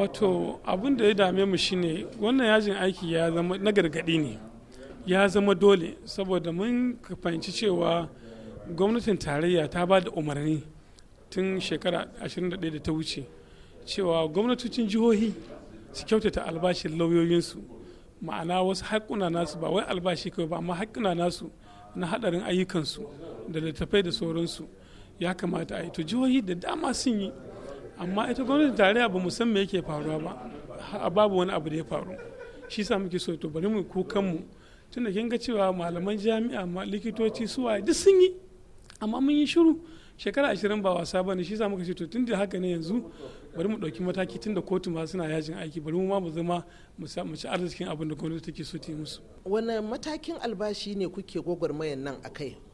wato abin da ya dame mu shine wannan yajin aiki ya zama na gargadi ne ya zama dole saboda mun fahimci cewa gwamnatin tarayya ta ba da umarni tun shekara 21 da ta wuce cewa gwamnatocin jihohi su kyautata albashin lauyoyinsu ma'ana wasu haƙuna nasu ba wai albashi kawai ba amma haƙuna nasu na haɗarin ayyukansu da littattafai da sauransu ya kamata a yi to jihohi da dama sun yi amma ita gwamnati tarayya ba mu san me yake faruwa ba a babu wani abu da ya faru shi sa muke so to bari mu kukan mu tun da kin ga cewa malaman jami'a ma likitoci suwa duk sun yi amma mun yi shiru shekara ashirin ba wasa ba ne shi sa muka ce to tun da haka ne yanzu bari mu ɗauki mataki tun da kotu ma suna yajin aiki bari mu ma mu zama mu ci arzikin abin da gwamnati take so ta musu. wani matakin albashi ne kuke gwagwarmayan nan a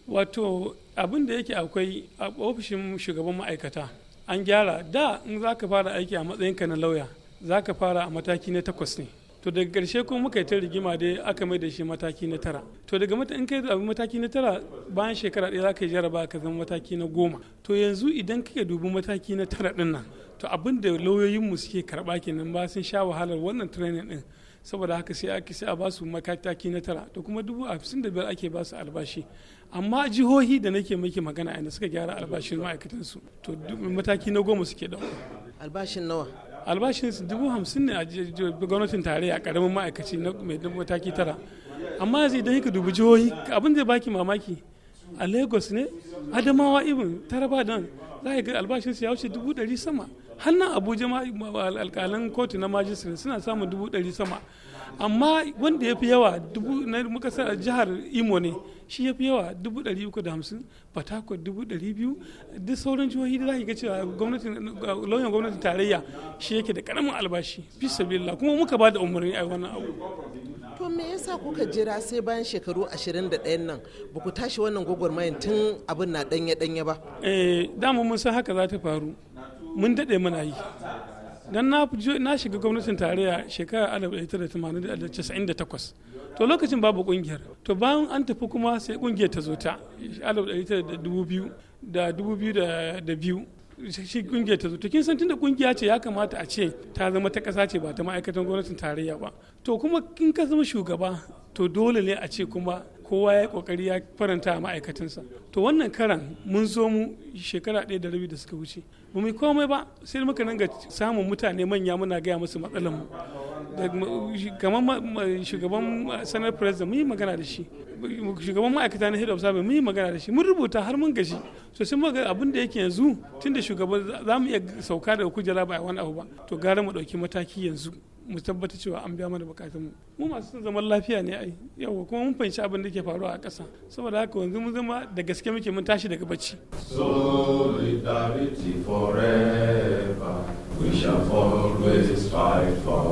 wato abin da yake akwai a ofishin shugaban ma'aikata an gyara da in za ka fara aiki a matsayinka na lauya za ka fara a mataki na takwas ne to daga ƙarshe kuma muka yi ta rigima dai aka mai da shi mataki na tara to daga mata in kai zaɓi mataki na tara bayan shekara ɗaya za ka yi jaraba ka zama mataki na goma to yanzu idan kake dubi mataki na tara ɗinnan to abin da lauyoyinmu suke karɓa kenan ba sun sha wahalar wannan training ɗin saboda haka sai ake sai a ba su makataki na tara to kuma dubu hamsin da biyar ake ba su albashi amma jihohi da nake maki magana a suka gyara albashin su to mataki na goma suke dauka albashin nawa albashin su dubu hamsin ne a gwamnatin a karamin ma'aikaci na mai mataki tara amma yanzu idan ka dubi jihohi abin da baki mamaki a lagos ne adamawa ibin taraba dan za ga albashin su ya wuce dubu ɗari sama hannan abuja alkalan kotu na majistri suna samun dubu ɗari sama amma wanda ya fi yawa dubu na muka sa jihar imo ne shi ya fi yawa dubu ɗari uku da hamsin fatako dubu ɗari biyu duk sauran jihohi da za ga cewa gwamnatin lauyan gwamnatin tarayya shi yake da karamin albashi fi sabila kuma muka ba da umarni a wannan abu to me yasa kuka jira sai bayan shekaru 21 nan ba ku tashi wannan gwagwarmayan tun abin na danye-danye ba eh dama mun san haka za ta faru mun daɗe muna yi dan na shiga gwamnatin tarayya shekara 1998 to lokacin babu kungiyar to bayan an tafi kuma sai kungiyar ta zo ta 1902 da 2002 shi kungiyar ta zo to kin san tunda kungiya ce ya kamata a ce ta zama ta kasa ce ba ta ma'aikatan gwamnatin tarayya ba to kuma kin ka zama shugaba to dole ne a ce kuma kowa ya kokari ya faranta a ma'aikatansa to wannan karan mun zo mu shekara ɗaya da rabi da suka wuce ba mu komai ba sai muka nan ga samun mutane manya muna gaya musu matsalar mu kamar shugaban sanar president mun yi magana da shi shugaban ma'aikata na head of service mun yi magana da shi mun rubuta har mun gashi to sai muka abin da yake yanzu tunda shugaban za mu iya sauka daga kujera ba a wani abu ba to gara mu ɗauki mataki yanzu mu tabbata cewa an biya mana bukatun mu mu masu son zaman lafiya ne ai yawa kuma mun fahimci abin da ke faruwa a ƙasa saboda haka yanzu mun zama da gaske muke mun tashi daga bacci solidarity forever we shall always fight for